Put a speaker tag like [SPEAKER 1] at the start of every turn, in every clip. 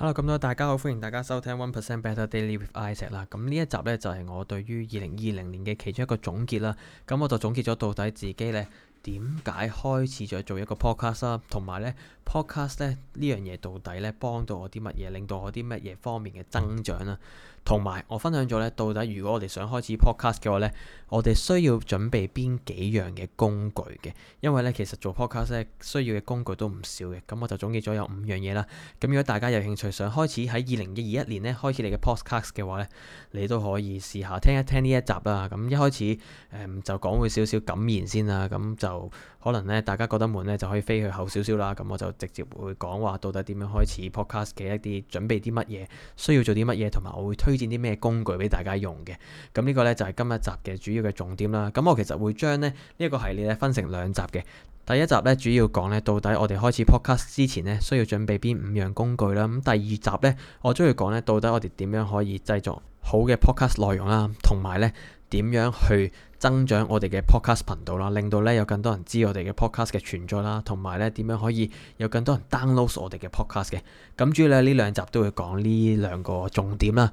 [SPEAKER 1] Hello 咁多大家好，歡迎大家收聽 One Percent Better Daily with Isaac 啦。咁呢一集呢，就係、是、我對於二零二零年嘅其中一個總結啦。咁、嗯、我就總結咗到底自己呢點解開始咗做一個 podcast 啊，同埋呢 podcast 呢呢樣嘢到底呢幫到我啲乜嘢，令到我啲乜嘢方面嘅增長啦。嗯同埋我分享咗咧，到底如果我哋想開始 podcast 嘅話咧，我哋需要準備邊幾樣嘅工具嘅？因為咧，其實做 podcast 需要嘅工具都唔少嘅。咁我就總結咗有五樣嘢啦。咁如果大家有興趣想開始喺二零二一年咧開始你嘅 podcast 嘅話咧，你都可以試下聽一聽呢一集啦。咁一開始誒，嗯，就講會少少感言先啦。咁就可能咧大家覺得悶咧，就可以飛去後少少啦。咁我就直接會講話到底點樣開始 podcast 嘅一啲準備啲乜嘢，需要做啲乜嘢，同埋我會推。建啲咩工具俾大家用嘅？咁呢個呢，就係今日集嘅主要嘅重點啦。咁我其實會將咧呢一個系列咧分成兩集嘅。第一集呢，主要講呢到底我哋開始 podcast 之前呢，需要準備邊五樣工具啦。咁第二集呢，我都要講呢到底我哋點樣可以製作好嘅 podcast 內容啦，同埋呢點樣去增長我哋嘅 podcast 頻道啦，令到呢有更多人知我哋嘅 podcast 嘅存在啦，同埋呢點樣可以有更多人 download 我哋嘅 podcast 嘅。咁主要咧呢兩集都會講呢兩個重點啦。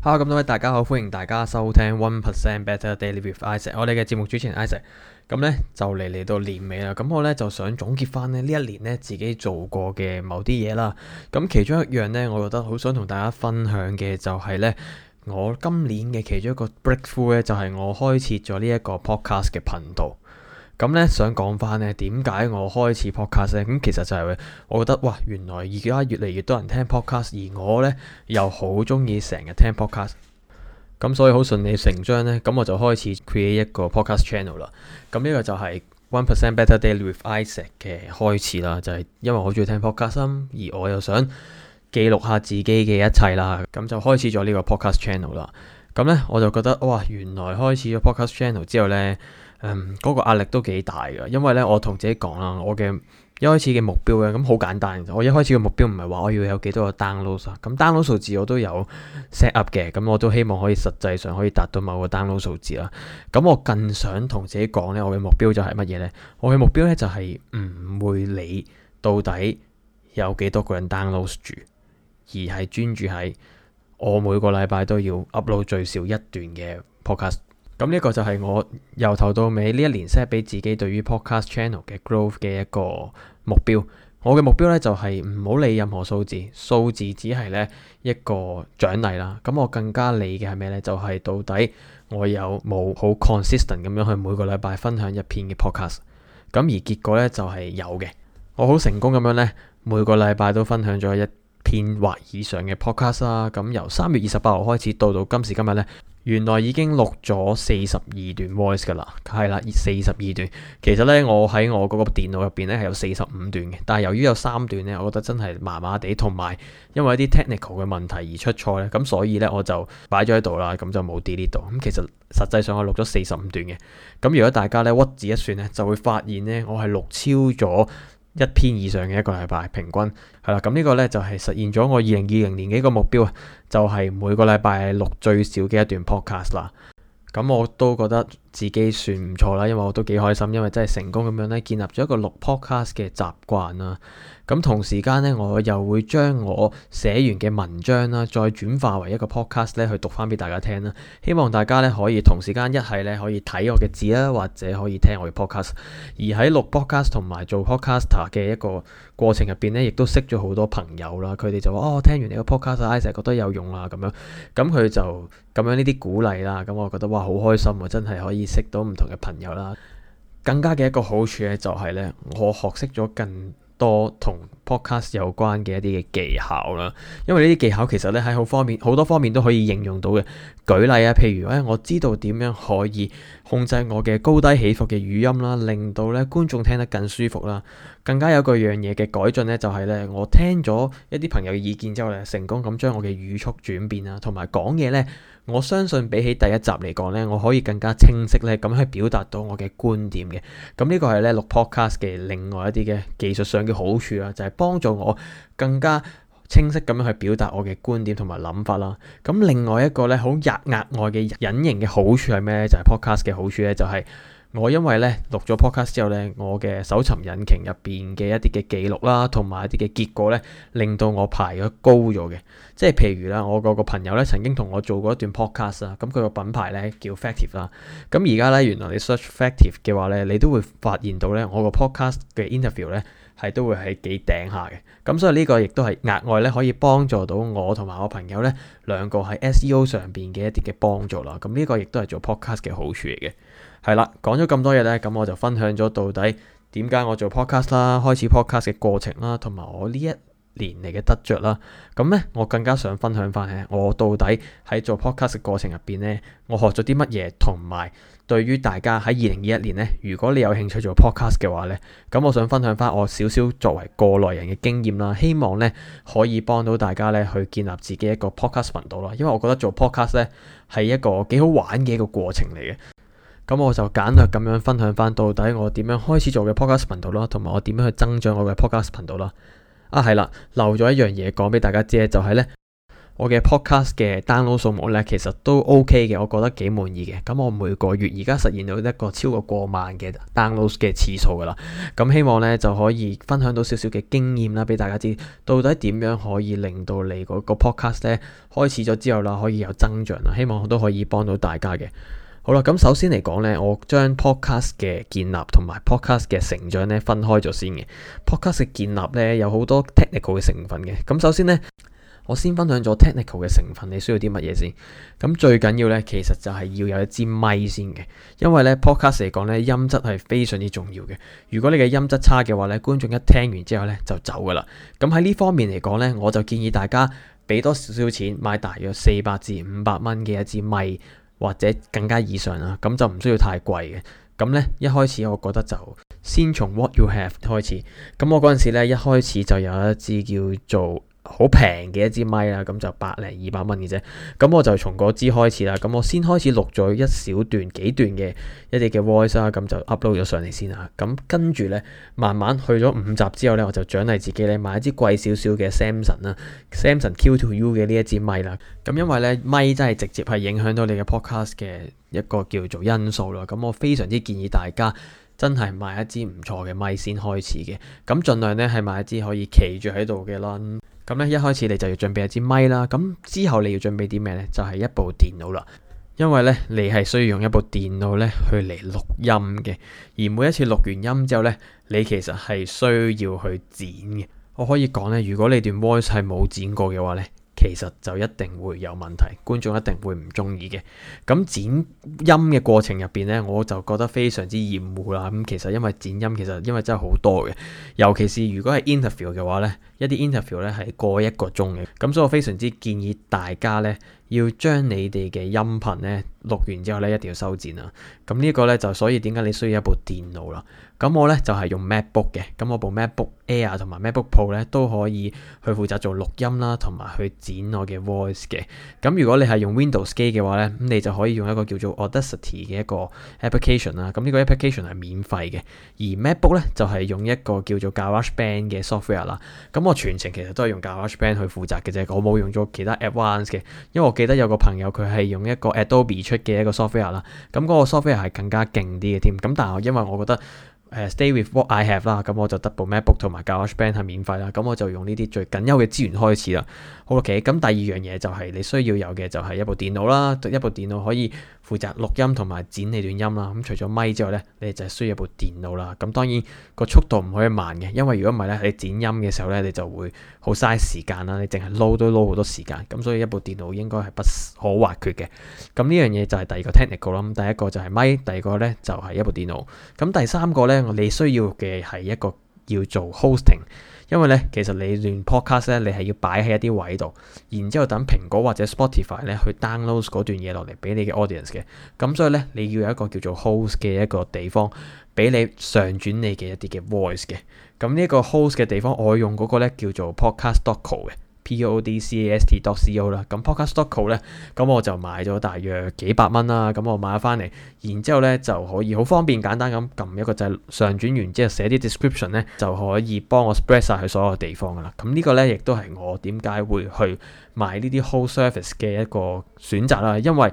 [SPEAKER 1] Hello 咁多位大家好，歡迎大家收聽 One Percent Better Daily with Isaac。我哋嘅節目主持人 Isaac，咁呢就嚟嚟到年尾啦。咁我呢就想總結翻呢呢一年呢自己做過嘅某啲嘢啦。咁其中一樣呢，我覺得好想同大家分享嘅就係呢：我今年嘅其中一個 breakthrough 呢，就係我開設咗呢一個 podcast 嘅頻道。咁咧想講翻咧，點解我開始 podcast 咧？咁其實就係，我覺得哇，原來而家越嚟越多人聽 podcast，而我咧又好中意成日聽 podcast，咁所以好順理成章咧，咁我就開始 create 一個 podcast channel 啦。咁呢個就係 one percent better daily with Isaac 嘅開始啦，就係因為我好中意聽 podcast，而我又想記錄下自己嘅一切啦，咁就開始咗呢個 podcast channel 啦。咁咧我就覺得哇，原來開始咗 podcast channel 之後咧。嗯，嗰個壓力都幾大㗎，因為咧我同自己講啦，我嘅一開始嘅目標咧，咁好簡單，我一開始嘅目標唔係話我要有幾多個 download 啊，咁 download 數字我都有 set up 嘅，咁我都希望可以實際上可以達到某個 download 數字啦。咁我更想同自己講咧，我嘅目標就係乜嘢呢？我嘅目標咧就係、是、唔會理到底有幾多個人 download 住，而係專注喺我每個禮拜都要 upload 最少一段嘅 podcast。咁呢個就係我由頭到尾呢一年 set 俾自己對於 podcast channel 嘅 growth 嘅一個目標。我嘅目標呢就係唔好理任何數字，數字只係呢一個獎勵啦。咁我更加理嘅係咩呢？就係到底我有冇好 consistent 咁樣去每個禮拜分享一篇嘅 podcast。咁而結果呢就係有嘅，我好成功咁樣呢，每個禮拜都分享咗一篇或以上嘅 podcast 啦。咁由三月二十八號開始到到今時今日呢。原來已經錄咗四十二段 voice 噶啦，係啦，四十二段。其實呢，我喺我嗰個電腦入邊呢係有四十五段嘅，但係由於有三段呢，我覺得真係麻麻地，同埋因為一啲 technical 嘅問題而出錯呢，咁所以呢，我就擺咗喺度啦，咁就冇 delete 到。咁其實實際上我錄咗四十五段嘅，咁如果大家呢屈指一算呢，就會發現呢，我係錄超咗。一篇以上嘅，一個禮拜平均係啦，咁呢個呢，就係實現咗我二零二零年嘅一個目標，就係每個禮拜錄最少嘅一段 podcast 啦，咁我都覺得。自己算唔錯啦，因為我都幾開心，因為真係成功咁樣咧，建立咗一個錄 podcast 嘅習慣啦。咁同時間咧，我又會將我寫完嘅文章啦，再轉化為一個 podcast 咧，去讀翻俾大家聽啦。希望大家咧可以同時間一係咧可以睇我嘅字啦，或者可以聽我嘅 podcast。而喺錄 podcast 同埋做 podcaster 嘅一個過程入邊咧，亦都識咗好多朋友啦。佢哋就話哦，聽完你個 podcast，我成日覺得有用啊咁樣，咁佢就咁樣呢啲鼓勵啦。咁我覺得哇，好開心啊！真係可以。識到唔同嘅朋友啦，更加嘅一個好處咧就係咧，我學識咗更多同 podcast 有關嘅一啲嘅技巧啦。因為呢啲技巧其實咧喺好方面，好多方面都可以應用到嘅。舉例啊，譬如咧，我知道點樣可以控制我嘅高低起伏嘅語音啦，令到咧觀眾聽得更舒服啦。更加有個樣嘢嘅改進咧，就係咧，我聽咗一啲朋友嘅意見之後咧，成功咁將我嘅語速轉變啦，同埋講嘢咧。我相信比起第一集嚟講咧，我可以更加清晰咧咁去表達到我嘅觀點嘅。咁、嗯這個、呢個係咧錄 podcast 嘅另外一啲嘅技術上嘅好處啦、啊，就係、是、幫助我更加清晰咁樣去表達我嘅觀點同埋諗法啦。咁、嗯、另外一個咧好額額外嘅隱形嘅好處係咩咧？就係、是、podcast 嘅好處咧，就係、是。我因為咧錄咗 podcast 之後咧，我嘅搜尋引擎入邊嘅一啲嘅記錄啦、啊，同埋一啲嘅結果咧，令到我排咗高咗嘅。即係譬如啦，我個個朋友咧曾經同我做過一段 podcast 啦，咁佢個品牌咧叫 Factive 啦，咁而家咧原來你 search Factive 嘅話咧，你都會發現到咧我個 podcast 嘅 interview 咧係都會喺幾頂下嘅。咁所以呢個亦都係額外咧可以幫助到我同埋我朋友咧兩個喺 SEO 上邊嘅一啲嘅幫助啦。咁呢個亦都係做 podcast 嘅好處嚟嘅。係啦，講咗咁多嘢呢，咁我就分享咗到底點解我做 podcast 啦，開始 podcast 嘅過程啦，同埋我呢一年嚟嘅得着啦。咁呢，我更加想分享翻係我到底喺做 podcast 嘅過程入邊呢，我學咗啲乜嘢，同埋對於大家喺二零二一年呢，如果你有興趣做 podcast 嘅話呢，咁我想分享翻我少少作為過來人嘅經驗啦，希望呢可以幫到大家呢去建立自己一個 podcast 頻道啦。因為我覺得做 podcast 呢係一個幾好玩嘅一個過程嚟嘅。咁我就簡略咁樣分享翻，到底我點樣開始做嘅 podcast 頻道啦，同埋我點樣去增長我嘅 podcast 頻道啦。啊，係啦，漏咗一樣嘢講俾大家知咧，就係咧我嘅 podcast 嘅 download 數目咧，其實都 OK 嘅，我覺得幾滿意嘅。咁我每個月而家實現到一個超過過萬嘅 download 嘅次數噶啦。咁希望咧就可以分享到少少嘅經驗啦，俾大家知到底點樣可以令到你個個 podcast 咧開始咗之後啦，可以有增長啦。希望我都可以幫到大家嘅。好啦，咁首先嚟講呢，我將 podcast 嘅建立同埋 podcast 嘅成長呢分開咗先嘅。podcast 建立呢有好多 technical 嘅成分嘅。咁首先呢，我先分享咗 technical 嘅成分你需要啲乜嘢先？咁最緊要呢，其實就係要有一支咪先嘅，因為呢 podcast 嚟講呢音質係非常之重要嘅。如果你嘅音質差嘅話呢，觀眾一聽完之後呢就走噶啦。咁喺呢方面嚟講呢，我就建議大家俾多少少錢買大約四百至五百蚊嘅一支咪。或者更加以上啦，咁就唔需要太貴嘅。咁呢，一開始我覺得就先從 what you have 開始。咁我嗰陣時呢，一開始就有一支叫做。好平嘅一支咪啦，咁就百零二百蚊嘅啫。咁我就從嗰支開始啦。咁我先開始錄咗一小段幾段嘅一隻嘅 voice 啦。咁就 upload 咗上嚟先啦。咁跟住呢，慢慢去咗五集之後呢，我就獎勵自己呢，買一支貴少少嘅 Samson 啦，Samson Q2U 嘅呢一支咪啦。咁因為呢，咪真係直接係影響到你嘅 podcast 嘅一個叫做因素咯。咁我非常之建議大家。真係買一支唔錯嘅咪先開始嘅，咁盡量呢係買一支可以企住喺度嘅啦。咁呢一開始你就要準備一支咪啦，咁之後你要準備啲咩呢？就係一部電腦啦，因為呢，你係需要用一部電腦呢去嚟錄音嘅，而每一次錄完音之後呢，你其實係需要去剪嘅。我可以講呢，如果你段 voice 係冇剪過嘅話呢。其實就一定會有問題，觀眾一定會唔鍾意嘅。咁剪音嘅過程入邊呢，我就覺得非常之厭惡啦。咁其實因為剪音，其實因為真係好多嘅，尤其是如果係 interview 嘅話呢，一啲 interview 咧係過一個鐘嘅。咁所以我非常之建議大家呢。要將你哋嘅音頻咧錄完之後咧一定要修剪啊！咁呢個咧就所以點解你需要一部電腦啦。咁我咧就係用 MacBook 嘅，咁我部 MacBook Air 同埋 MacBook Pro 咧都可以去負責做錄音啦，同埋去剪我嘅 voice 嘅。咁如果你係用 Windows 機嘅話咧，咁你就可以用一個叫做 Audacity 嘅一個 application 啦。咁呢個 application 係免費嘅，而 MacBook 咧就係用一個叫做 GarageBand 嘅 software 啦。咁我全程其實都係用 GarageBand 去負責嘅啫，我冇用咗其他 Apps 嘅，因為我。記得有個朋友佢係用一個 Adobe 出嘅一個 software 啦，咁嗰個 software 係更加勁啲嘅添，咁但係因為我覺得。誒 stay with what I have 啦，咁我就得部 MacBook 同埋 GarageBand 係免費啦，咁我就用呢啲最緊要嘅資源開始啦。好，OK，咁第二樣嘢就係、是、你需要有嘅就係一部電腦啦，一部電腦可以負責錄音同埋剪你段音啦。咁除咗咪之外咧，你就係需要一部電腦啦。咁當然個速度唔可以慢嘅，因為如果唔係咧，你剪音嘅時候咧，你就會好嘥時間啦。你淨係撈都撈好多時間，咁所以一部電腦應該係不可或缺嘅。咁呢樣嘢就係第二個 technical 啦。咁第一個就係咪？第二個咧就係、是、一部電腦。咁第三個咧。你需要嘅係一個叫做 hosting，因為咧其實你連 podcast 咧，你係要擺喺一啲位度，然之後等蘋果或者 Spotify 咧去 download 嗰段嘢落嚟俾你嘅 audience 嘅，咁所以咧你要有一個叫做 host 嘅一個地方俾你上傳你嘅一啲嘅 voice 嘅，咁呢一個 host 嘅地方我用嗰個咧叫做 Podcast.co 嘅。Podcast.co 啦，咁 Podcast.co 咧，咁我就買咗大約幾百蚊啦，咁我買咗翻嚟，然之後咧就可以好方便簡單咁撳一個掣，上轉完之後寫啲 description 咧，就可以幫我 spread 晒去所有地方噶啦。咁呢個咧亦都係我點解會去買呢啲 whole service 嘅一個選擇啦，因為，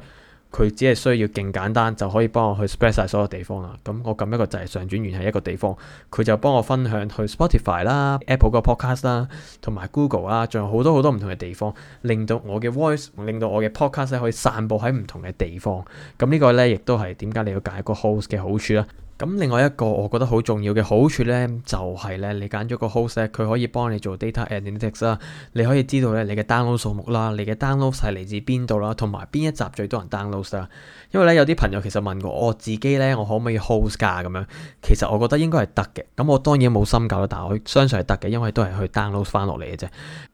[SPEAKER 1] 佢只係需要勁簡單就可以幫我去 spread 曬所有地方啦。咁我撳一個就係上轉完係一個地方，佢就幫我分享去 Spotify 啦、Apple 個 podcast 啦、啦很多很多同埋 Google 啊，仲有好多好多唔同嘅地方，令到我嘅 voice，令到我嘅 podcast 可以散佈喺唔同嘅地方。咁呢個咧亦都係點解你要揀個 host 嘅好處啦。咁另外一個我覺得好重要嘅好處咧，就係咧，你揀咗個 host，佢可以幫你做 data analytics 啦。你可以知道咧你嘅 download 數目啦，你嘅 download 係嚟自邊度啦，同埋邊一集最多人 download 啦。因為咧有啲朋友其實問過我自己咧，我可唔可以 host 㗎？咁樣？其實我覺得應該係得嘅。咁我當然冇深究啦，但我相信係得嘅，因為都係去 download 翻落嚟嘅啫。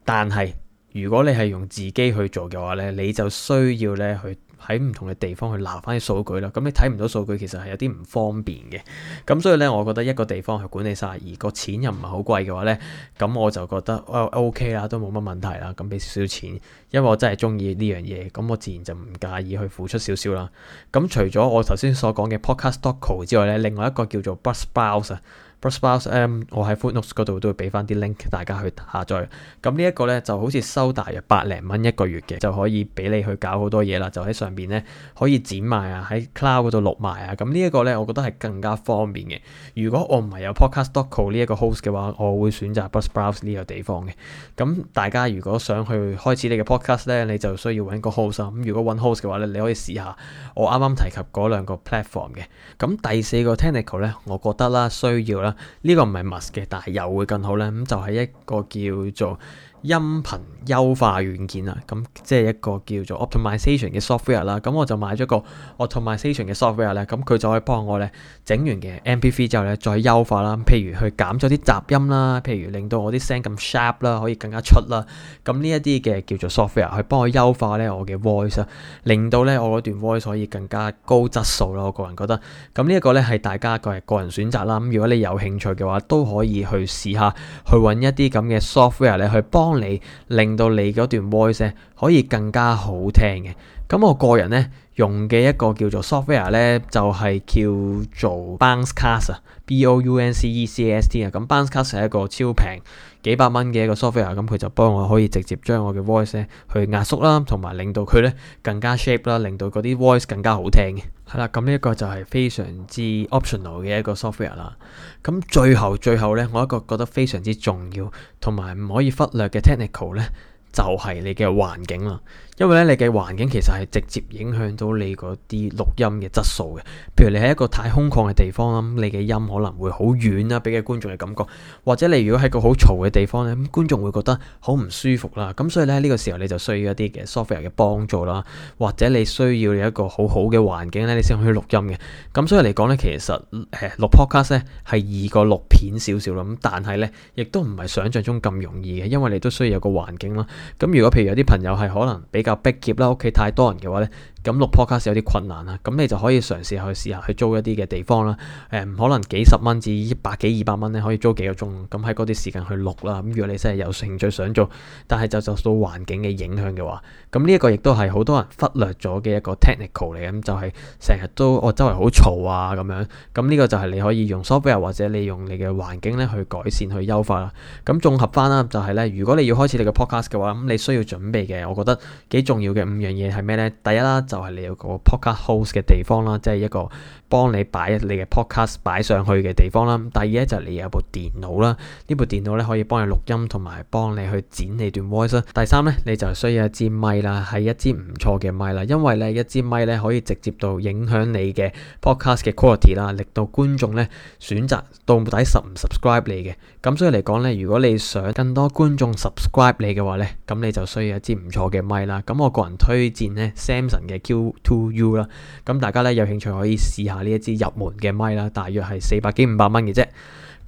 [SPEAKER 1] 但係如果你係用自己去做嘅話咧，你就需要咧去，喺唔同嘅地方去攞翻啲數據啦，咁你睇唔到數據其實係有啲唔方便嘅，咁所以呢，我覺得一個地方去管理晒，而個錢又唔係好貴嘅話呢，咁我就覺得哦、哎、OK 啦，都冇乜問題啦，咁俾少少錢，因為我真係中意呢樣嘢，咁我自然就唔介意去付出少少啦。咁除咗我頭先所講嘅 Podcast Doco 之外呢，另外一個叫做 Buzzsprout 啊。BuzzBuzz，誒，Br Br se，我喺 Footnotes 度都會俾翻啲 link，大家去下載。咁呢一個咧，就好似收大約百零蚊一個月嘅，就可以俾你去搞好多嘢啦。就喺上邊咧，可以剪埋啊，喺 Cloud 度錄埋啊。咁呢一個咧，我覺得係更加方便嘅。如果我唔係有 Podcast.co 呢一個 host 嘅話，我會選擇 BuzzBuzz 呢個地方嘅。咁大家如果想去開始你嘅 Podcast 咧，你就需要搵個 host 啊。咁如果搵 host 嘅話咧，你可以試下我啱啱提及嗰兩個 platform 嘅。咁第四個 Technical 咧，我覺得啦，需要啦。呢個唔係 must 嘅，但係又會更好咧。咁就係、是、一個叫做。音頻優化軟件啊，咁即係一個叫做 optimization 嘅 software 啦。咁我就買咗個 optimization 嘅 software 咧，咁佢就可以幫我咧整完嘅 MPV 之後咧再優化啦。譬如去減咗啲雜音啦，譬如令到我啲聲咁 sharp 啦，可以更加出啦。咁呢一啲嘅叫做 software 去幫我優化咧我嘅 voice 啊，令到咧我嗰段 voice 可以更加高質素啦。我個人覺得，咁呢一個咧係大家個個個人選擇啦。咁如果你有興趣嘅話都可以去試下去揾一啲咁嘅 software 咧去幫。你令到你嗰段 voice 可以更加好聽嘅，咁我個人咧。用嘅一個叫做 software 咧，就係叫做 bouncecast 啊，b-o-u-n-c-e-c-a-s-t 啊。咁 bouncecast 係一個超平幾百蚊嘅一個 software，咁佢就幫我可以直接將我嘅 voice 咧去壓縮啦，同埋令到佢咧更加 shape 啦，令到嗰啲 voice 更加好聽。係啦，咁呢一個就係非常之 optional 嘅一個 software 啦。咁最後最後咧，我一個覺得非常之重要同埋唔可以忽略嘅 technical 咧，就係你嘅環境啦。因為咧，你嘅環境其實係直接影響到你嗰啲錄音嘅質素嘅。譬如你喺一個太空曠嘅地方啦，你嘅音可能會好遠啦，俾嘅觀眾嘅感覺。或者你如果喺個好嘈嘅地方咧，咁觀眾會覺得好唔舒服啦。咁所以咧，呢個時候你就需要一啲嘅 software 嘅幫助啦，或者你需要你一個好好嘅環境咧，你先可以錄音嘅。咁所以嚟講咧，其實誒錄 podcast 咧係易過錄片少少啦。咁但係咧，亦都唔係想像中咁容易嘅，因為你都需要有個環境啦。咁如果譬如有啲朋友係可能比較又逼劫啦！屋企太多人嘅話咧。咁錄 podcast 有啲困難啊，咁你就可以嘗試去試下去租一啲嘅地方啦。誒、呃、唔可能幾十蚊至百幾二百蚊咧，可以租幾個鐘。咁喺嗰啲時間去錄啦。咁如果你真係有興趣想做，但係就受到環境嘅影響嘅話，咁呢一個亦都係好多人忽略咗嘅一個 technical 嚟。咁就係成日都我、哦、周圍好嘈啊咁樣。咁呢個就係你可以用 software 或者你用你嘅環境咧去改善去優化啦。咁綜合翻啦，就係、是、咧，如果你要開始你嘅 podcast 嘅話，咁你需要準備嘅，我覺得幾重要嘅五樣嘢係咩咧？第一啦。就係你有個 podcast host 嘅地方啦，即係一個幫你擺你嘅 podcast 擺上去嘅地方啦。第二咧就係你有部電腦啦，呢部電腦咧可以幫你錄音同埋幫你去剪你段 voice。第三咧你就需要一支咪啦，係一支唔錯嘅咪啦，因為咧一支咪咧可以直接到影響你嘅 podcast 嘅 quality 啦，令到觀眾咧選擇到底 subscribe 你嘅。咁所以嚟講咧，如果你想更多觀眾 subscribe 你嘅話咧，咁你就需要一支唔錯嘅咪啦。咁我個人推薦咧 Samson 嘅。Sam Q2U 啦，咁大家咧有興趣可以試下呢一支入門嘅咪啦，大約係四百幾五百蚊嘅啫。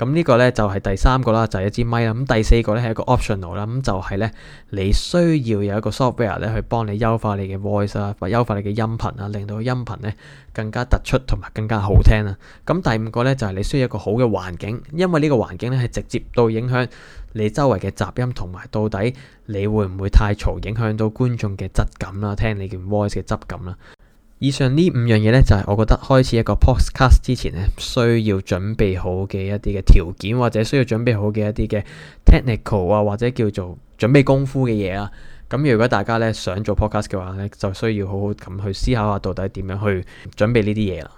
[SPEAKER 1] 咁呢個呢，就係第三個啦，就係、係、一支咪啦。咁第四個呢，係一個 optional 啦，咁就係呢，你需要有一個 software 呢去幫你優化你嘅 voice 啦，或優化你嘅音頻啊，令到音頻呢更加突出同埋更加好聽啦。咁第五個呢，就係你需要一個好嘅環境，因為呢個環境呢，係直接到影響你周圍嘅雜音同埋到底你會唔會太嘈，影響到觀眾嘅質感啦，聽你件 voice 嘅質感啦。以上呢五樣嘢呢，就係我覺得開始一個 podcast 之前呢，需要準備好嘅一啲嘅條件，或者需要準備好嘅一啲嘅 technical 啊，或者叫做準備功夫嘅嘢啊。咁如果大家呢想做 podcast 嘅話呢，就需要好好咁去思考下，到底點樣去準備呢啲嘢啦。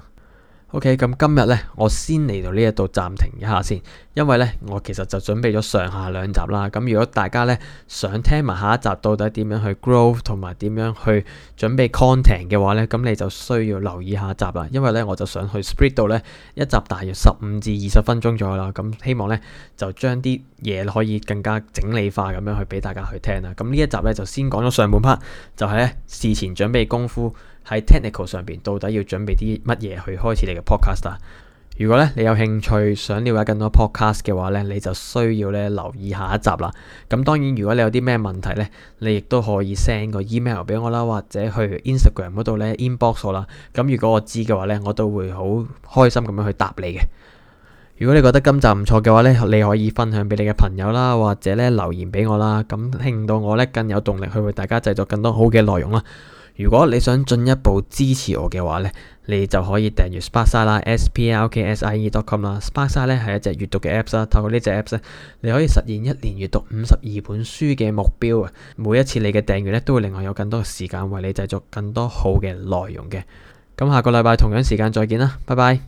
[SPEAKER 1] OK，咁今日呢，我先嚟到呢一度暫停一下先。因為咧，我其實就準備咗上下兩集啦。咁如果大家咧想聽埋下一集，到底點樣去 grow 同埋點樣去準備 content 嘅話咧，咁你就需要留意下一集啦。因為咧，我就想去 spread 到咧一集大約十五至二十分鐘左右啦。咁希望咧就將啲嘢可以更加整理化咁樣去俾大家去聽啦。咁呢一集咧就先講咗上半 part，就係咧事前準備功夫喺 technical 上邊到底要準備啲乜嘢去開始你嘅 podcast 啊。如果咧你有興趣想了解更多 podcast 嘅話咧，你就需要咧留意下一集啦。咁當然，如果你有啲咩問題咧，你亦都可以 send 個 email 俾我啦，或者去 Instagram 嗰度咧 inbox 我啦。咁如果我知嘅話咧，我都會好開心咁樣去答你嘅。如果你覺得今集唔錯嘅話咧，你可以分享俾你嘅朋友啦，或者咧留言俾我啦，咁令到我咧更有動力去為大家製作更多好嘅內容啦。如果你想進一步支持我嘅話呢，你就可以訂閱 SparkSire，sparksire.com 啦。SparkSire 咧係一隻閱讀嘅 Apps 啦。透過呢隻 Apps 咧，你可以實現一年閱讀五十二本書嘅目標啊！每一次你嘅訂閱咧，都會另外有更多嘅時間為你製作更多好嘅內容嘅。咁下個禮拜同樣時間再見啦，拜拜。